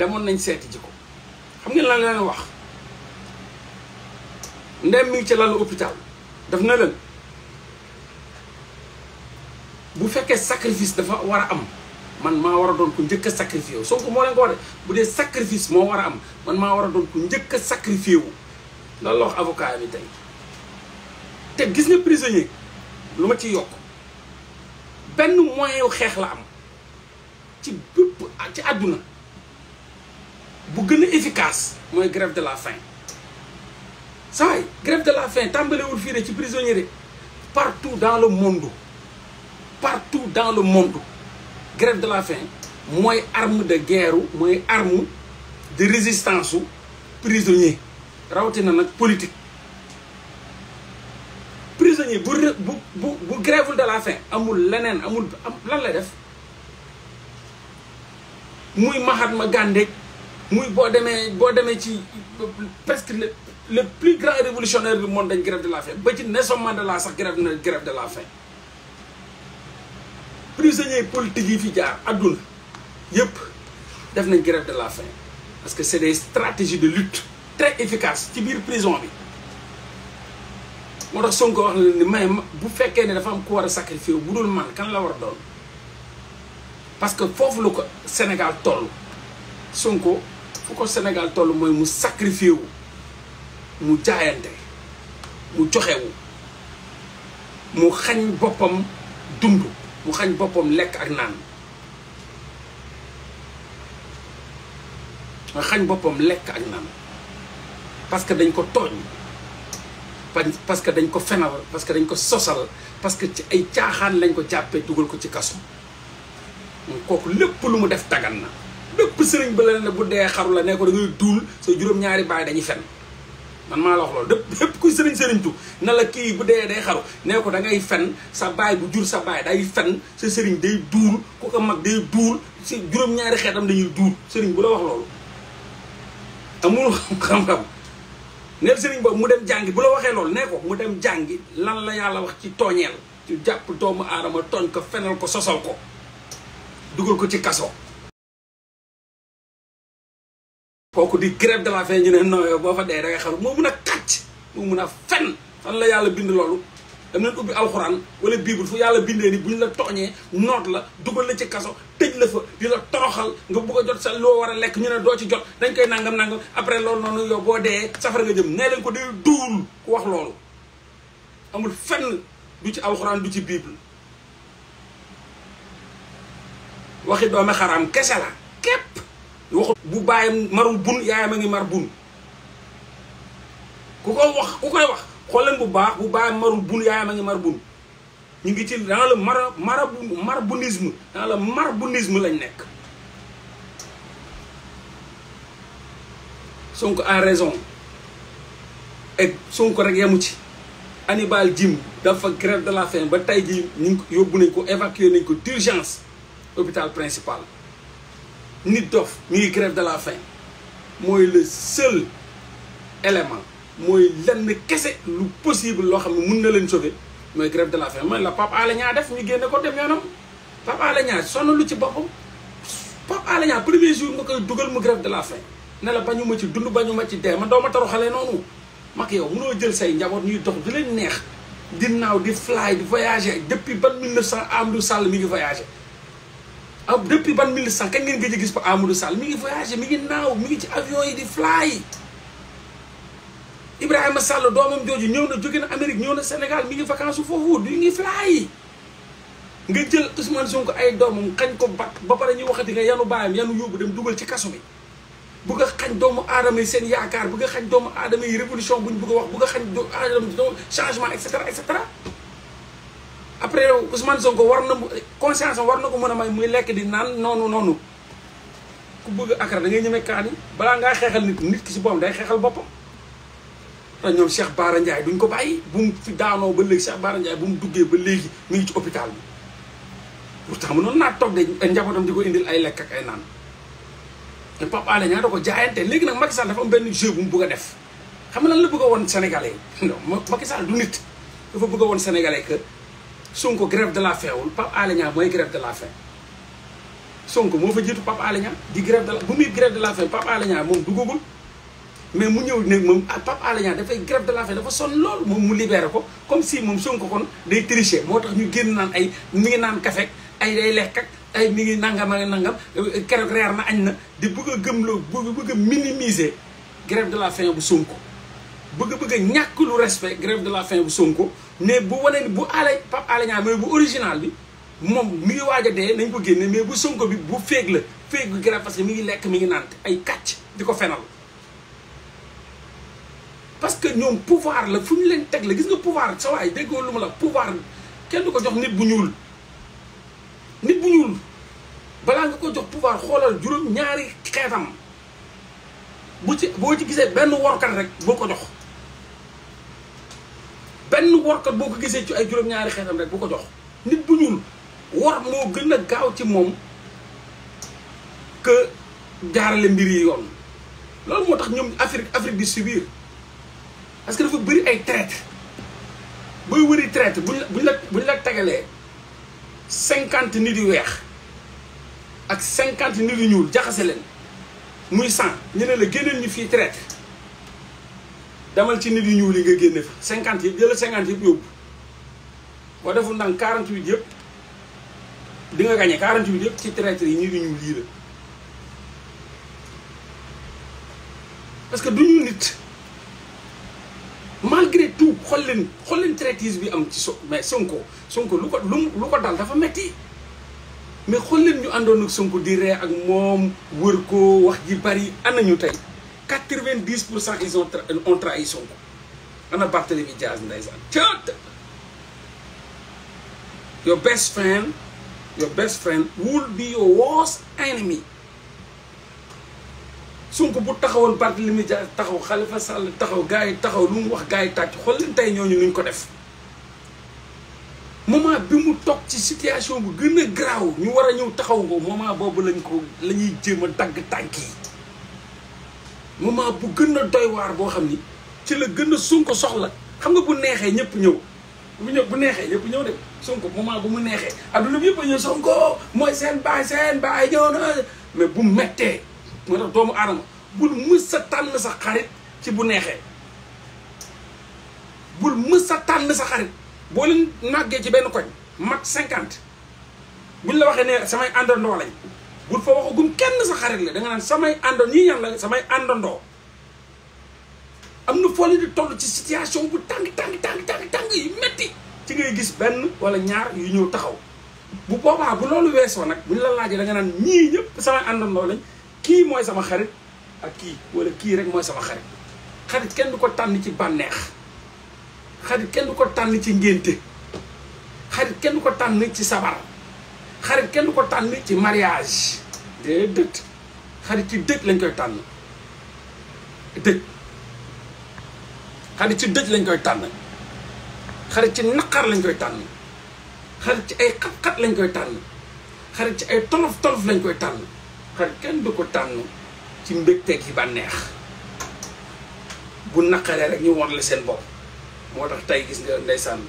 demoon nañ seeti ji ko xam nga lan leen wax ndem mi ngi ci lalu hôpital daf na leen bu fekkee sacrifice dafa war a am man maa war a doon ku njëkk a sacrifié wu Sonko moo leen ko wax de bu dee sacrifice moo war a am man maa war a doon ku njëkk a sacrifié wu loolu la wax avocat bi tey te gis nga prisonnier lu ma ci yokk benn moyen wu xeex la am ci bépp ci àdduna bu gën a efficace mooy grève de la faim saa yi grève de la faim tàmbaliwul fii rek ci prisonniers yi partout dans le monde partout dans le monde grève de la faim mooy arme de guerre mooy arme de résistance su prisonnier rawatina nag politique prisonnier bu bu bu bu de la faim amul leneen amul lan lay def muy Mahatma Gandhi muy boo demee boo demee ci presque le le plus grand révolutionnaire bi monde dañ grève de la faim ba ci Nelson Mandela sax grève na grève de la faim prisonniers politiques yi fi jaar àdduna yëpp def nañ grève de la faim parce que c'est des stratégies de lutte très efficaces ci biir prison bi moo tax Sonko wax na ni mais bu fekkee ne dafa am ku war a sacrifier bu dul man kan la war a doon parce que foofu lu ko Sénégal toll Sonko fu ko Sénégal toll mooy mu sacrifié wu mu jaayante mu joxewu mu xañ boppam dund mu xañ boppam lekk ak naan mu xañ boppam lekk ak naan parce que dañ ko tooñ parce que dañ ko fenal parce que dañ ko sosal parce que ci ay caaxaan lañ ko jàppee dugal ko ci kaso kooku lépp lu mu def dagan na bépp sëriñ ba leen ne bu dee xaru la ne ko dangay ngay duul sa juróom-ñaari baay dañuy fen man maa la wax loolu dëpp bépp kuy sëriñ sëriñtu na la kii bu dee day xaru nee ko da ngay fen sa baay bu jur sa baay day fen sa sëriñ day duul ku ko mag day duul sa juróom-ñaari xeetam dañuy duul sëriñ bu la wax loolu amul xam-xam neel sëriñ boobu mu dem jàngi bu la waxee loolu nee ko mu dem jàngi lan la yàlla wax ci tooñeel ci jàpp doomu aadama tooñ ko fenal ko sosal ko dugal ko ci kaso kooku di grève de la faim ñu ne non yow boo fa dee da nga xam moo mun a kàcc moo mun a fen fan la yàlla bind loolu dam leen ubbi alxuraan wala bible fu yàlla bindee ni bu ñu la tooñee noot la dugal la ci kaso tëj la fa di la toroxal nga bugg jot sa loo war a lekk ñu ne doo ci jot dañ koy nangam nangam après loolu noonu yow boo dee safara nga jëm nee dañ ko dee duul ku wax loolu amul fenn du ci alxuraan du ci bible waxi doomi xaraam kese la waxu bu bàyyam marul bun yaayam a ngi mar bun ku ko wax ku koy wax xooleen bu baax bu bàyyam marul bun yaayam a ngi mar bun ñu ngi ci dans le mara marabu marbunisme dans le marbunisme lañ nekk Sonko a raison et Sonko rek yemu ci Hannibal Djim dafa grève de la faim ba tey ji ñu ngi yóbbu nañ ko évacuer nañ ko d'urgence hôpital principal nit dof mi ngi grève de la faim mooy le seul élément mooy lenn kese lu possible loo xam ne mun na leen sauver mooy grève de la faim mooy la Pape Alé Niang def ñu génne ko dem yoonam Pape Alé Niang sonn lu ci boppam Pape Alé Niang premier jour nga koy dugal mu grève de la faim ne la bañu ma ci dund bañu ma ci dee ma doo ma taru xale noonu mag yow munoo jël say njaboot ñuy dox di leen neex di naaw di fly di voyager depuis ban 1900 Amadou Sall mi ngi voyager ah depuis ban mille cent kañ ngeen gëj a gis fa Amadou Sall mi ngi voyagé mi ngi naaw mi ngi ci avion yi di fly Ibrahima Sall doomam jooju ñëw na jóge na Amérique ñëw na Sénégal mi ngi vacance su foofu du ngi fly nga jël Ousmane Sonko ay doomam xañ ko ba ba pare ñu waxati nga yanu baayam yanu yóbbu dem dugal ci kaso bi. bu nga xañ doomu aadama yi seen yaakaar bu nga xañ doomu aadama yi révolution buñ bëgg a wax bu nga xañ doomu aadama changement et cetera après Ousmane Sonko war na conscience war na ko mën a may muy lekk di naan noonu noonu ku bëgg akara da ngay ñemee kaan yi balaa ngaa xeexal nit nit ki si boppam day xeexal boppam te ñoom Cheikh Bara Ndiaye ko bàyyi bu mu ba léegi Cheikh Bara Ndiaye bu mu duggee ba léegi mu ngi ci hôpital bi pourtant mënoon naa toog de eh, njabootam di ko indil ay lekk ak ay naan te Pape Alé Niang ko jaayante léegi nag Macky Sall dafa benn jeu bu mu bëgg def xam nga lan la bëgg woon Sénégalais non Macky Sall du nit dafa bëgg woon Sénégalais que Sonko grève de la faim wul Pape Alé Niang mooy grève de la faim Sonko fa jiitu Pape Alé Niang di grève de la bu muy grève de la faim Pape moom duggagul mais mu ñëw ne moom ah, Pape Alé dafay grève de la faim dafa sonn lool moom mu libéré ko comme si moom Sonko kon day moo tax ñu génn naan ay mi ngi naan kafe ay ay mi ngi nangam nangam euh, keroog reer na añ na di bëgg a gëmloo bëgg a minimiser grève de la faim bu Sonko bëgg bëgg a ñàkk lu respect grève de la faim bu Sonko mais bu wane bu ale Pape Alé Niang mooy bu original bi moom mu ngi waaj a dee nañ ko génne mais bu sonko bi bu féeg la féeg bi grave parce que mi ngi lekk mu ngi naan ay kàcc di ko fenal parce que ñoom pouvoir la fu ñu leen teg la gis nga pouvoir sa waay déggoo lu ma la pouvoir kenn du ko jox nit bu ñuul nit bu ñuul balaa nga ko jox pouvoir xoolal juróom ñaari xeetam bu ci boo ci gisee benn workat rek boo ko jox benn workat boo ko gisee ci ay juróom-ñaari xeetam rek bu ko jox nit bu ñuul war moo gën a gaaw ci moom que jaarale mbir yi yoon loolu moo tax ñoom Afrique Afrique di subir parce que dafa bëri ay traître booy wëri traître buñ la buñ la buñ la tegalee cinquante nit yu weex ak cinquante nit yi ñuul jaxase leen muy cent ñu ne la génneel ñu fii traître demal ci nit yu ñuul yi nga génne fa cinquante yëpp jëlal cinquante yëpp yóbbu boo deful ndànk quarante huit yëpp di nga gagné quarante huit yëpp ci traître yi nit yu ñuul yii la parce que du ñu nit malgré tout xool leen xool leen traîtrise bi am ci so mais Sonko Sonko lu ko lu lu ko dal dafa metti mais xol leen ñu àndoon ak Sonko di ree ak moom wër ko wax ji bari ana ñu tey quatre-vingt-dix pour cent ils ont tra ont trahi Sonko ana Barthélemy Diaz ndeysaan cët your best friend your best friend will be your worst enemy Sonko bu taxawoon Barthélemy Diaz taxaw xalifa Sall taxaw gars yi taxaw lu mu wax gars yi tàcc xool leen tey ñooñu nuñ ko def moment bi mu toog ci situation bu gën a garaaw ñu war a ñëw taxaw ko moment boobu lañ ko lañuy ñuy jéem dagg tànk yi moment bu gën a doy waar boo xam ni ci la gën a Sonko soxla xam nga bu neexee ñëpp ñëw bu ñëw bu neexee ñëpp ñëw de Sonko moment bu mu neexee adduna bi yëpp a ñëw Sonko mooy seen baay seen baay mais bu mettee moo tax doomu aadama bul mës sa tànn sa xarit ci bu neexee bul mës sa tànn sa xarit boo leen ci benn koñ mat cinquante buñ la waxee ne samay àndandoo lañ bul fa waxagum kenn sa xarit la da nga naan samay àndo ñii la samay àndandoo am na foo leen di toll ci situation bu tàng tàng tàng tàng yi yu métti ci ngay gis benn wala ñaar yu ñëw taxaw bu boobaa bu loolu weesoo nag buñ la laajee da nga naan ñii ñëpp samay àndandoo lañ kii mooy sama xarit ak kii wala kii rek mooy sama xarit xarit kenn du ko tànn ci bànneex xarit kenn du ko tànn ci ngénte xarit kenn ko tànn ci sabar xarit kenn ko tànn ci mariage déedéet xarit ci dëj lañ koy tànn dëj xarit ci dëj lañ koy tànn xarit ci naqar lañ koy tànn xarit ci ay xat-xat lañ koy tànn xarit ci ay tolof-tolof lañ koy tànn xarit kenn du ko tànn ci teg yi bànneex bu naqaree rek ñu won la seen bopp moo tax tey gis nga ndeysaan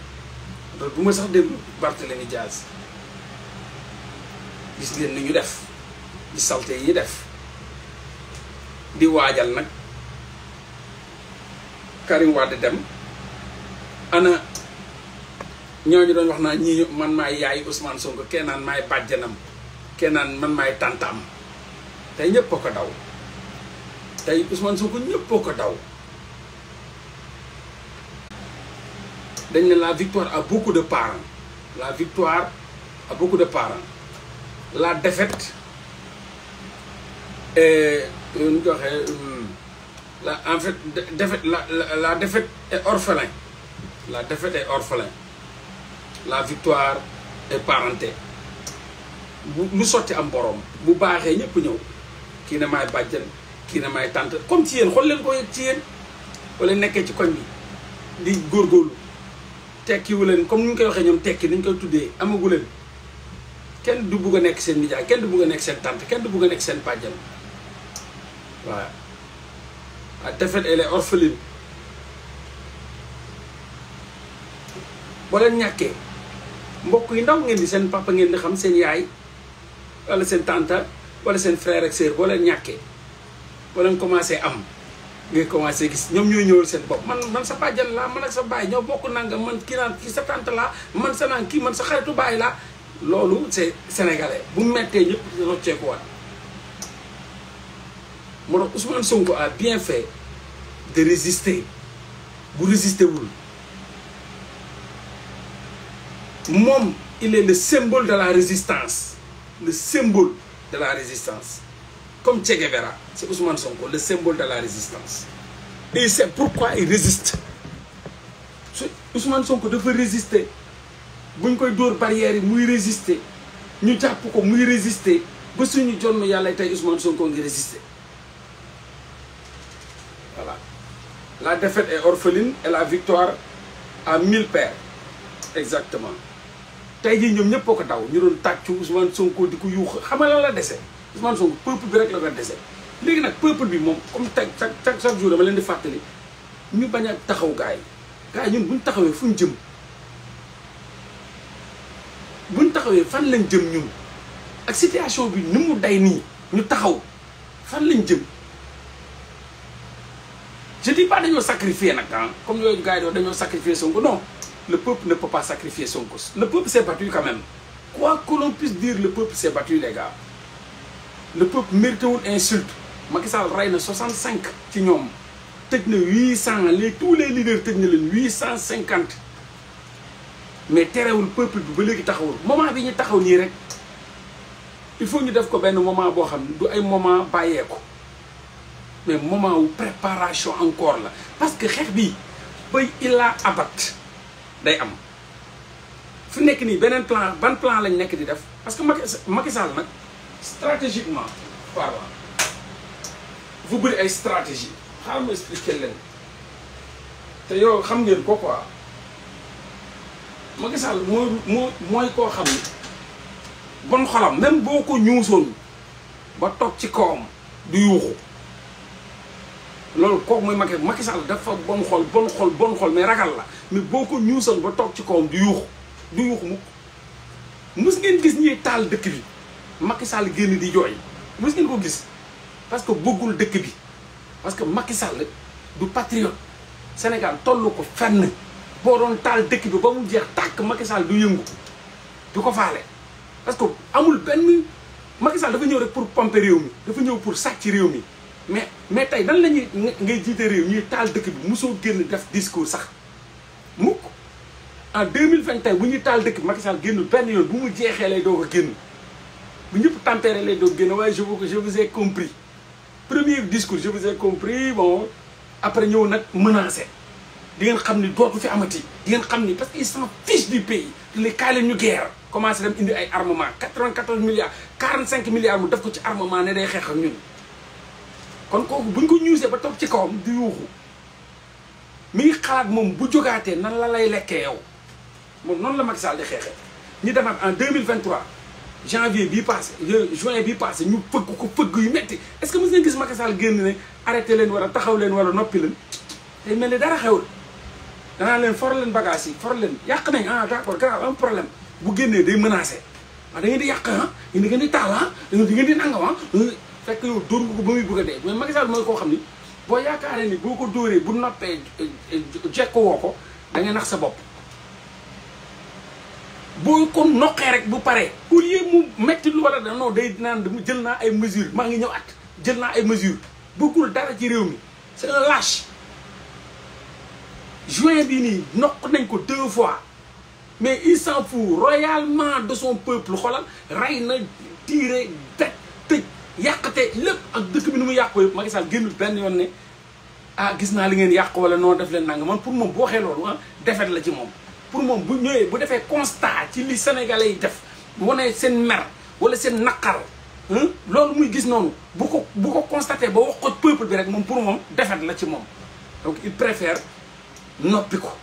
bu ma sax déglu Barthélémy jaas gis leen ni ñu def di salte yi def di waajal nag Karim Wade dem ana ñooñu doon wax naa ñi man maay yaay Ousmane Sonko kenn naan maay bàjjanam kenn naan man tànt am tey ñëpp a ko daw tey Ousmane Sonko ñëpp a ko daw dañ ne la victoire a beaucoup de parents la victoire a beaucoup de parents la défaite et nu joxe la en fait défaite la la défaite est orphelin la défaite est orphelin la victoire est parenté bu lu sotti am boroom bu baaxee ñëpp ñëw kii ne maay bàjjan kii na maay tànt comme ci yéen xool leen ko ci yéen wala nekkee ci koñ bi di góor góorlu tekkiwu leen comme ni ñu koy waxee ñoom tekki ni koy tuddee amagu leen kenn du bugg a nekk seen nijaay kenn du bugg a nekk seen tante kenn du bugg a nekk seen pàjjan waaw ah te fait elle est orpheline boo leen ñàkkee mbokk yu ndaw ngeen di seen papa ngeen di xam seen yaay wala seen tante wala seen frère ak sœur boo leen ñàkkee boo leen commencé am ngay commencé gis ñoom ñooy ñëwal seen bopp man man sa pàjjan laa man ak sa baay ñoo bokk nanga man kii naan kii sa tante laa man sa naan kii man sa xaritu baay laa loolu c'est sénégalais bu mettee ñëpp rocceekuwaat moo tax Ousmane Sonko a bien fait de résister bu résister wul moom il est le symbole de la résistance le symbole de la résistance comme Che Guevara c'est Ousmane Sonko le symbole de la résistance et c'est pourquoi il résiste Ousmane Sonko dafa résister buñ koy dóor barrière yi muy résisté ñu jàpp ko muy résisté ba suñu jonn yàlla tey Ousmane Sonko ngi résister voilà la défaite est orpheline et la victoire à mille paires exactement tey jii ñoom ñëpp ko daw ñu doon tàccu Ousmane Sonko di ko yuux xam nga lan la dese Ousmane Sonko peuple bi rek la ko dese léegi nag peuple bi moom comme teg chaque chaque jour dama leen di fàttali ñu bañ a taxaw gars yi gars ñun buñ taxawee fu ñu jëm. taxawee fan lañ jëm ñun ak situation bi ni mu day nii ñu taxaw fan lañ jëm je dis pas dañoo sacrifier nag ah comme yooyu gars yi doon dañoo sacrifier Sonko non le peuple ne peut pas sacrifier Sonko le peuple s'est battu quand même quoi que l'on puisse dire le peuple s'est battu les gars le peuple rey na 65 ci ñoom tëj na 800 les tous les leaders tëj na leen mais terewul peuple bi ba léegi taxawul moment bi ñu taxaw nii rek il faut ñu def ko benn moment boo xam ne du ay moment bàyyeeku mais moment wu préparation encore la parce que xeex bi bay illaa abat day am fu nekk nii beneen plan ban plan lañ nekk di def parce que Macky Sall nag stratégiquement parlant fu bëri ay stratégie xaaral ma expliquer leen te yow xam ngeen ko quoi Macky Sall mooy moo mooy koo xam ne bon xolam même boo ko ñuusoon ba toog ci kawam du yuuxu loolu kooku mooy Macky Macky Sall dafa bon xol bon xol bon xol mais ragal la mais boo ko ñuusoon ba toog ci kawam du yuuxu du yuuxu mukk mus ngeen gis ñuy taal dëkk bi Macky Sall génn di jooy mus ngeen ko gis parce que bëggul dëkk bi parce que Macky Sall du patriote Sénégal tollu ko fenn boo doon taal dëkk bi ba mu jeex tàkk Macky Sall du yëngu du ko faale parce que amul benn Macky Sall dafa ñëw rek pour pomper réew mi dafa ñëw pour sàcc réew mi mais mais tey dan la ñuy ngay jiite réew ñuy taal dëkk bi mosoo génn def discours sax mukk en 2020 tey bu ñuy taal dëkk bi Macky Sall génnul benn yoon bu mu jeexee lay doog a génn bu ñëpp tempéré lay doog génn waaye je vous je vous ai compris premier discours je vous ai compris bon après ñëw nag menacé di ngeen xam ni dootu fi amati di ngeen xam ni parce que ils s'en fichent du pays les kaay leen ñu guerre commencé dem indi ay armement 94 milliards 45 milliards mu def ko ci armement ne day xeex ñun kon kooku buñ ko ñuusee ba toog ci kawam di yuuxu mi ngi xalaat moom bu jogaatee nan la lay lekkee yow moom noonu la Macky Sall di xeexee ñu demaat en mille vingt 2023 janvier bii passé juin bii passé ñu fëgg ko fëgg yu metti est que mos gis Macky Sall génn ne arrêté leen wala taxaw leen wala noppi leen day mel ni dara xewul danaa leen for leen bagage yi for leen yàq nañ ah d' accord grave am problème bu génnee day menacé ah da di yàq ah da ngeen di taal ah da ngeen di nangam ah fekk yow dóor ko ba muy bëgg a dee mais Macky Sall mooy koo xam ni boo yaakaaree ni boo ko dóoree bu noppee eh, eh, jekk woo ko da nax sa bopp boo ko noqee rek bu paree au lieu mu metti lu wala da non day naan jël naa ay mesures maa ngi ñëw at jël naa ay mesures bokkul dara ci réew mi c'est un lâche juin bii nii nokk nañ ko deux fois mais il s'en fout royalement de son peuple xoolal rey na tiire teg tëj yàqate lépp ak dëkk bi nu mu yàqoo yëpp Macky Sall génnul benn yoon ne ah gis naa li ngeen yàq wala noo def leen nanga man pour moom bu waxee loolu ah, defet la ci moom pour moom bu ñëwee bu defee constat ci li sénégalais yi def wane seen mer wala seen naqar loolu muy gis noonu bu ko bu ko constaté ba wax ko peuple bi rek moom pour moom defet la ci moom donc il préfère noppi ko